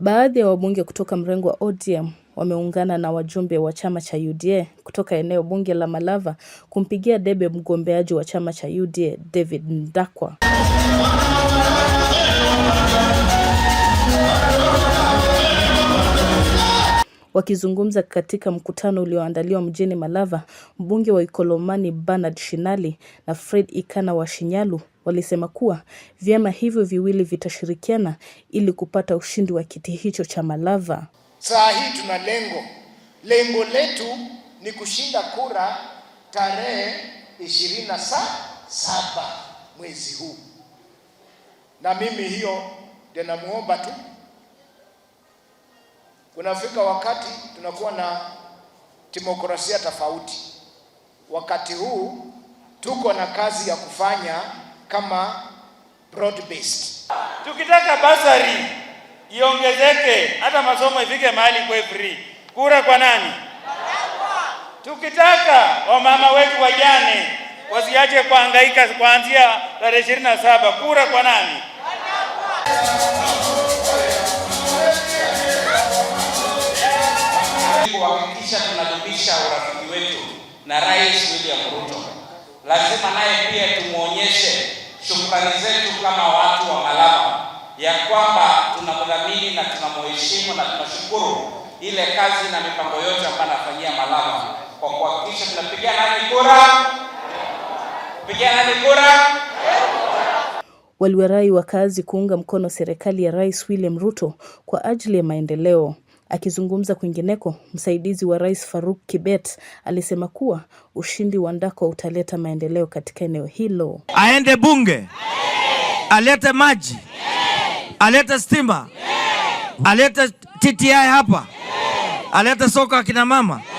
Baadhi ya wabunge kutoka mrengo wa ODM wameungana na wajumbe wa chama cha UDA kutoka eneo bunge la Malava kumpigia debe mgombeaji wa chama cha UDA David Ndakwa. Wakizungumza katika mkutano ulioandaliwa mjini Malava, mbunge wa Ikolomani Bernard Shinali na Fred Ikana wa Shinyalu walisema kuwa vyama hivyo viwili vitashirikiana ili kupata ushindi wa kiti hicho cha Malava. Saa hii tuna lengo, lengo letu ni kushinda kura tarehe ishirini na saba mwezi huu, na mimi hiyo ndio namuomba tu Unafika wakati tunakuwa na demokrasia tofauti. Wakati huu tuko na kazi ya kufanya kama broad based. Tukitaka basari iongezeke, hata masomo ifike mahali kwa free, kura kwa nani? Tukitaka wamama wetu wajane wasiache kuhangaika kuanzia tarehe ishirini na saba, kura kwa nani? kuhakikisha tunadumisha urafiki wetu na Rais William Ruto, lazima naye pia tumwonyeshe shukrani zetu kama watu wa Malava ya kwamba tunamdhamini na tunamheshimu na tunashukuru ile kazi na mipango yote ambayo anafanyia Malava kwa kuhakikisha tunapigia nani kura, pigia nani kura. Waliwarai wakazi kuunga mkono serikali ya Rais William Ruto kwa ajili ya maendeleo. Akizungumza kwingineko, msaidizi wa rais Faruk Kibet alisema kuwa ushindi wa Ndako utaleta maendeleo katika eneo hilo. Aende bunge, alete maji, alete stima, alete TTI hapa, alete soko akina mama.